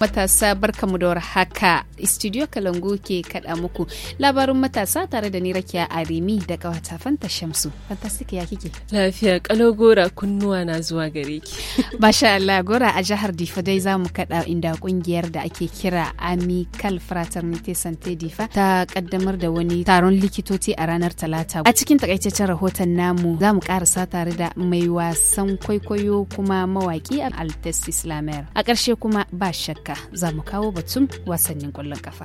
matasa barkamu da haka studio kalangu ke kaɗa muku labarin matasa tare da ni rakiya arimi da kawata fanta shamsu fantastic ya kike lafiya kalogora kunnuwa na zuwa gare ki masha Allah gora a jihar difa dai zamu kaɗa inda kungiyar da ake kira amical fraternité Sante difa ta kaddamar da wani taron likitoci a ranar talata a cikin takaitaccen rahoton namu zamu karasa tare da mai wasan kwaikwayo kuma mawaki a altes islamer a ƙarshe kuma ba shakka Amurka za mu kawo batun wasannin kwallon kafa.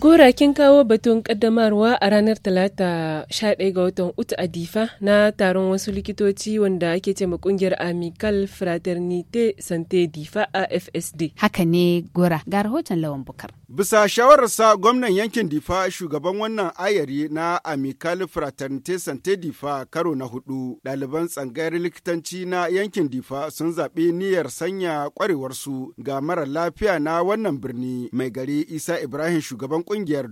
Gora kin kawo batun kaddamarwa a ranar Talata 11 ga watan Uta a Difa na taron wasu likitoci wanda ake ce ma kungiyar Amical Fraternité Santé Difa AFSD. Haka ne Gora, ga rahoton Lawan Bukar. Bisa shawararsa gwamnan yankin Difa shugaban wannan ayari na Amical Fraternité Santé Difa karo na hudu ɗaliban tsangayar likitanci na yankin Difa sun zaɓi niyyar sanya ƙwarewarsu ga mara lafiya na wannan birni mai gari Isa Ibrahim shugaban ƙungiyar.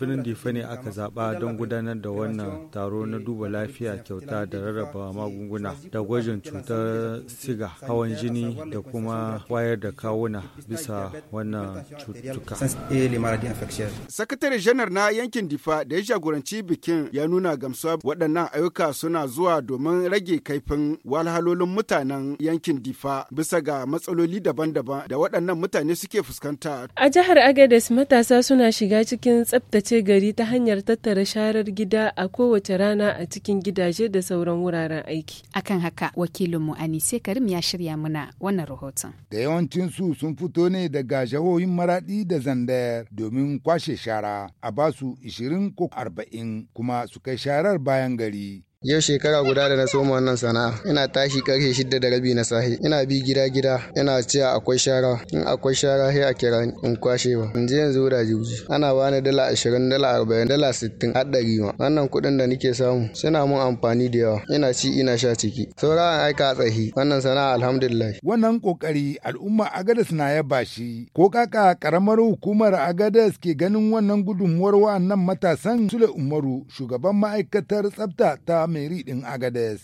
Birnin Difa ne aka zaɓa don gudanar da wannan taro na duba lafiya kyauta da rarraba magunguna da gwajin cutar siga hawan jini da kuma wayar da kawuna bisa wannan cutuka. et eh, Sakatare janar na yankin Difa da ya jagoranci bikin ya nuna gamsuwa waɗannan ayyuka suna zuwa domin rage kaifin walhalolin mutanen yankin Difa bisa ga matsaloli daban-daban da waɗannan mutane suke fuskanta. A jihar Agadez matasa suna shiga cikin tsabtace gari ta hanyar tattara sharar gida a kowace rana a cikin gidaje da sauran wuraren aiki. Akan haka wakilinmu Anise Karim ya shirya muna wannan rahoton. Da yawancin su sun fito ne daga jihohin Maraɗi da Zanda sandayar domin kwashe shara a basu 20 ko 40 kuma su kai sharar bayan gari Yau shekara guda da na soma wannan sana'a. Ina tashi karfe shida da rabi na sahi Ina bi gida gida ina cewa akwai shara. In akwai shara sai a kira in kwashe ba. In je in da juji. Ana bani dala ashirin, dala arba'in, dala sittin har ɗari ma. Wannan kuɗin da nake samu suna mun amfani da yawa. Ina ci ina sha ciki. Saura in aika a tsahi. Wannan sana'a alhamdulillah. Wannan kokari al'umma Agadas na yaba shi. Ko kaka karamar hukumar Agadas ke ganin wannan gudunmuwar wa'annan matasan Sule Umaru shugaban ma'aikatar tsafta ta Mary ɗin Agades.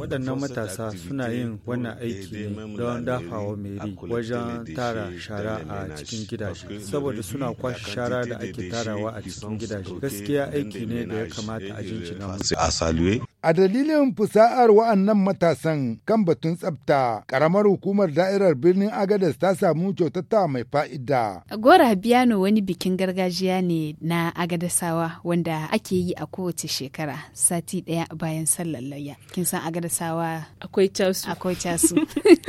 Waɗannan matasa suna yin wannan aiki ne don dafawa Mary wajen tara shara a cikin gidaje, saboda suna kwashe shara da ake tarawa a cikin gidaje. Gaskiya aiki ne da ya kamata a eh, jinjina A dalilin fusa'ar wa'annan matasan kan batun tsafta, ƙaramar hukumar da'irar birnin Agadas ta samu kyautata mai fa'ida. Gora Biyano wani bikin gargajiya ne na Agadasawa wanda ake yi a kowace shekara sati ɗaya bayan sallar layya. Kin san Agadasawa akwai casu. Akwai casu.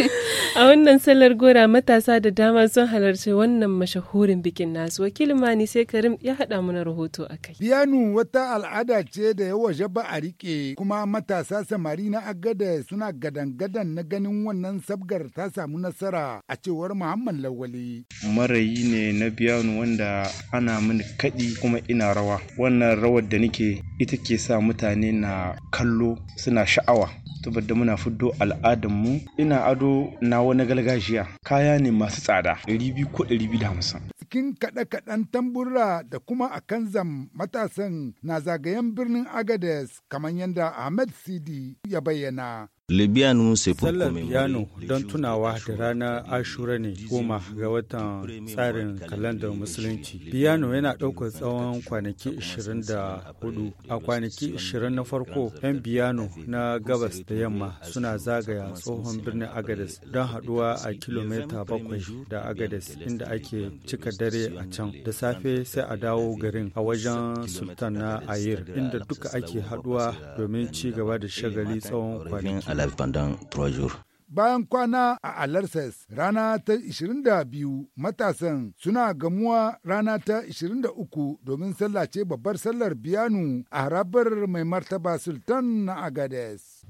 a wannan sallar gora matasa da dama sun halarci wannan mashahurin bikin nasu. Wakilin Mani sai Karim ya haɗa mana rahoto a kai. Biyano wata al'ada ce da ya waje ba a riƙe kuma matasa samari na agada suna gadan-gadan na ganin wannan sabgar ta samu nasara a cewar muhammad lawali marayi ne na biyanu wanda ana mini kaɗi kuma ina rawa wannan rawar da nake ita ke sa mutane na kallo suna sha'awa saboda muna fiddo al'adarmu ina ado na wani galgajiya. kaya ne masu tsada 200 ko 250 bikin kaɗe-kaɗen tambura da kuma a kan zam matasan na zagayen birnin Agades kamar yadda Ahmed Sidi ya bayyana. Sallar biyano don tunawa da ranar Ashura ne goma ga watan tsarin kalandar Musulunci. Biyano yana ɗaukar tsawon kwanaki 24. A kwanaki 20 na farko, 'yan biyano na gabas da yamma suna zagaya tsohon birnin agadis don haɗuwa a kilomita bakwai da agadis inda ake cika dare a can. Da safe sai a dawo garin a wajen Sultan na Ayir inda duka ake haɗuwa domin ci gaba da shagali tsawon kwanaki. grève pendant trois jours. Bayan kwana a Alarses rana ta 22 matasan suna gamuwa rana ta 23 domin sallace babbar sallar biyanu a harabar mai martaba Sultan na Agades.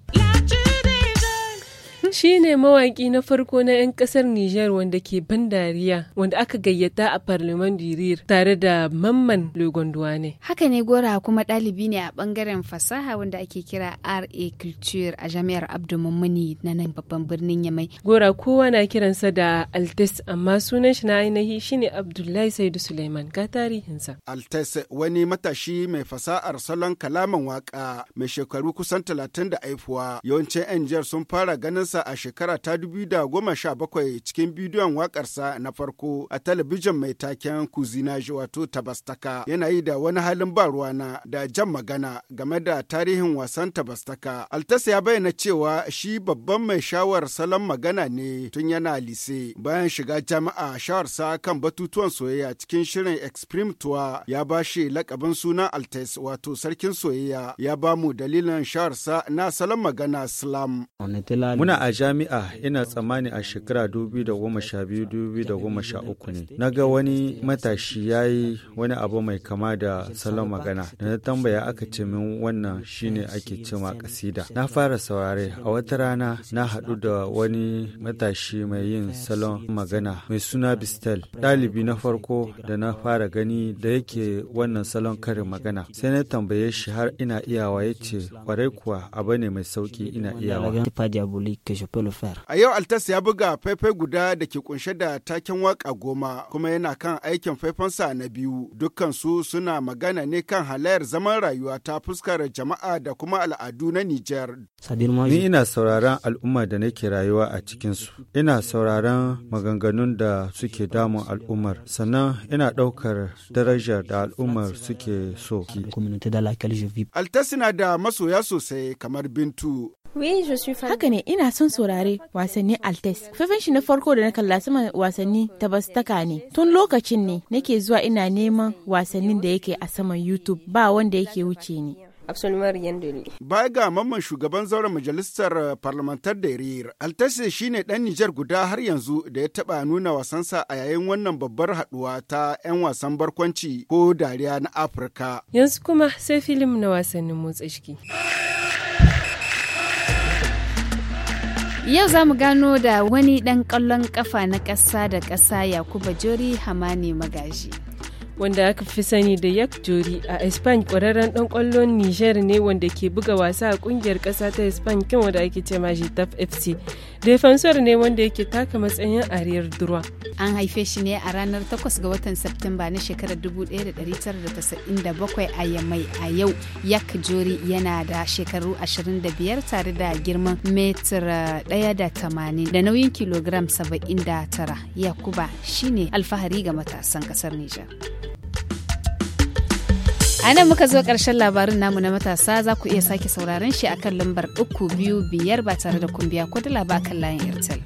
shi ne mawaƙi na farko na 'yan ƙasar Nijar wanda ke ban dariya wanda aka gayyata a Parliament Dirir tare da Mamman logonduwa ne. Haka ne Gora kuma ɗalibi ne a ɓangaren fasaha wanda ake kira RA Culture a Jami'ar Abdu Mummuni na nan babban birnin Yamai. Gora kowa na kiransa da Altes amma sunan shi na ainihi shine Abdullahi Saidu Suleiman ga tarihinsa. Altes wani matashi mai fasahar salon kalaman waka mai shekaru kusan talatin da aifuwa yawancin 'yan jihar sun fara ganin sa a shekara ta da goma sha bakwai cikin bidiyon wakarsa na farko a talabijin mai taken ji wato Tabastaka yana yi da wani halin ba ruwana da jan magana game da tarihin wasan Tabastaka. Altas ya bayyana cewa shi babban mai shawar salon magana ne tun yana lise bayan shiga jami'a shawarsa kan batutuwan soyayya cikin shirin Extreme Tour ya ba shi lakabin sunan Altes wato sarkin soyayya ya ba mu dalilin shawarsa na salon magana Slam. Muna a jami'a ina tsammani a shekara 2012-2013 ne. Na ga wani matashi ya yi wani abu mai kama da salon magana. Da na tambaya aka ce min wannan shine ake cima kasida. Na fara saurare a wata rana na haɗu da wani matashi mai yin salon magana mai suna Bistel. Ɗalibi na farko da na fara gani da yake wannan salon karin magana. Sai na tambaye shi har ina iyawa ya ce kwarai kuwa abu ne mai sauki ina iyawa. A yau Altas ya buga faifai guda da ke kunshe da taken waka goma kuma yana kan aikin faifansa na biyu. su suna magana ne kan halayar zaman rayuwa ta fuskar jama'a da kuma al'adu na Nijar. Ni ina sauraron al'umma da nake rayuwa a cikinsu. Ina sauraron maganganun da suke damun al'ummar. Sannan ina ɗaukar darajar da al'ummar suke so. Altas na da masoya sosai kamar Bintu Haka ne ina son saurare wasannin Altes. Faifan shi na farko da na kalla sama wasanni ta Bastaka ne. Tun lokacin ne nake zuwa ina neman wasannin da yake a saman YouTube ba wanda yake wuce ni. Baya ga mamman shugaban zauren majalisar eh, parlamentar da Riyar, shi ne ɗan Nijar guda har yanzu da ya taɓa nuna wasansa a yayin wannan babbar haɗuwa ta 'yan wasan barkwanci ko dariya na Afirka. Yanzu kuma sai filim na wasannin motsa jiki. Yau za mu gano da wani ɗan ƙwallon ƙafa na ƙasa da ƙasa Yakuba Jori Hamani Magaji. Wanda aka fi sani da Yak Jori a Espan ƙwararren ɗan ƙwallon Niger ne wanda ke buga wasa a ƙungiyar ƙasa ta Espan kin wanda ake ce ma FC. Defensor ne wanda yake taka matsayin ariyar durwa. An haife shi ne a ranar 8 ga watan Septemba na shekarar 1997 a Yamai a yau. Yak Jori yana da shekaru 25 tare da girman metar 1.80 eh, da nauyin kilogram 79. Yakuba shine alfahari ga matasan kasar Nijar. A nan muka zo ƙarshen labarin namu na matasa za ku iya sake sauraron shi akan lambar uku biyu biyar ba tare da kumbiya ko dala ba kan layin Airtel.